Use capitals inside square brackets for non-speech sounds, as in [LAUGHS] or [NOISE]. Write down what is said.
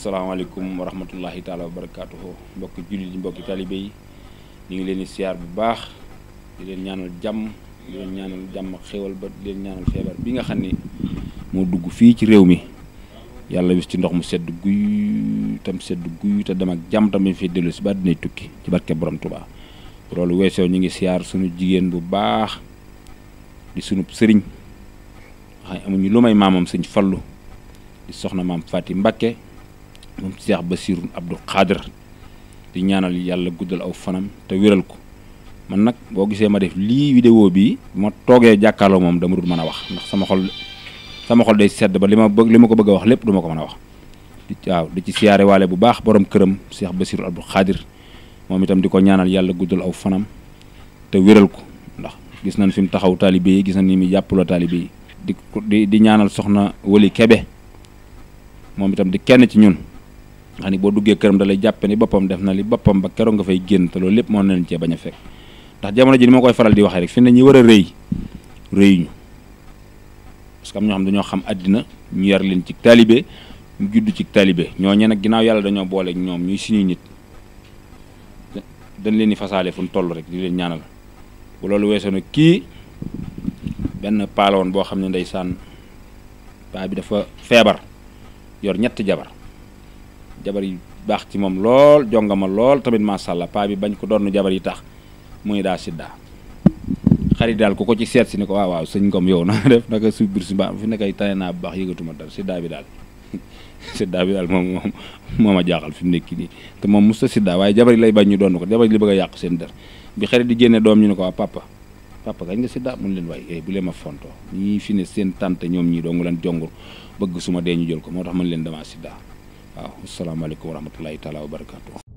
asalaamaaleykum wa rahmatullahi taala wa barakaatuhu mbokki jullit yi mbokki talibe yi ñu ngi leen di siyaar bu baax di leen ñaanal jàmm di leen ñaanal jàmm ak xéwal ba di leen ñaanal feebar bi nga xam ne moo dugg fii ci réew mi yàlla wis ci ndox mu sedd guy tam sedd te dem ak jàmm tamit fi dellu si ba dinay tukki ci barke borom Tuubaa loolu weesoo ñu ngi siyaar suñu jigéen bu baax di sunu sëriñ wax amuñu lu may maamam sëñ Fallu di soxna maam Faati moom Cheikh Bassirou Abdou Khadir di ñaanal yàlla guddal aw fanam te wéral ko man nag boo gisee ma def lii vidéo bi ma toogee jàkkaarloo moom dama mën a wax ndax sama xol sama xol day sedd ba li ma bëgg li ma ko bëgg a wax lépp duma ko mën a wax waaw di ci siyaare waale bu baax borom këram Cheikh Bassirou Abdou Khadir moom itam di ko ñaanal yàlla guddal aw fanam te wéral ko ndax gis nañ fi mu taxaw taalibe yi gis nañ ni mu jàppaloo taalibe yi di di ñaanal soxna Wali Kebe moom itam di kenn ci ñun xam ni boo duggee këram dalay jàppe ni boppam def na li boppam ba keroog nga fay génn te loolu lépp moo nañ cee bañ a fekk ndax jamono ji ni ma koy faral di waxee rek fi ne ñi war a rëy rëyuñu parce que am ñoo xam dañoo xam àddina ñu yar leen ci taalibe ñu judd ci taalibe ñoo nag ginnaaw yàlla dañoo boole ñoom ñuy suñuy nit dañ leen di fasaale fu toll rek di leen ñaanal bu loolu weesoo nag kii benn paaloon boo xam ne ndeysaan paa bi dafa feebar yor ñetti jabar. jabar yi baax ci moom lool jongama lool tamit macha allah paa bi bañ ko doon jabar yi tax muy daa sidda xarit daal ku ko ci seet si ni ko waaw ah, waaw sëñ Ngom yow [LAUGHS] na def naka suuf biir si baax fi nekkay naa bu baax yëgatuma dara sidda bi daal [LAUGHS] sidda bi daal moom moom moo ma jaaxal fi mu nekk nii te moom mosut a sidda waaye jabar yi lay bañ ñu doon ko jabar yi li bëgg yàq seen der bi xarit di génne doom ñu ne ko waa ah, papa papa kañ nga sidda mun leen waaye eh, bu leen ma fontoo ñii fi ne seen tante ñoom ñii doo nga leen jongur bëgg suma dee ñu jël ko moo tax mën leen damaa sidda waaw asalaamaaleykum wa rahmatulahi taala wa barakaatu.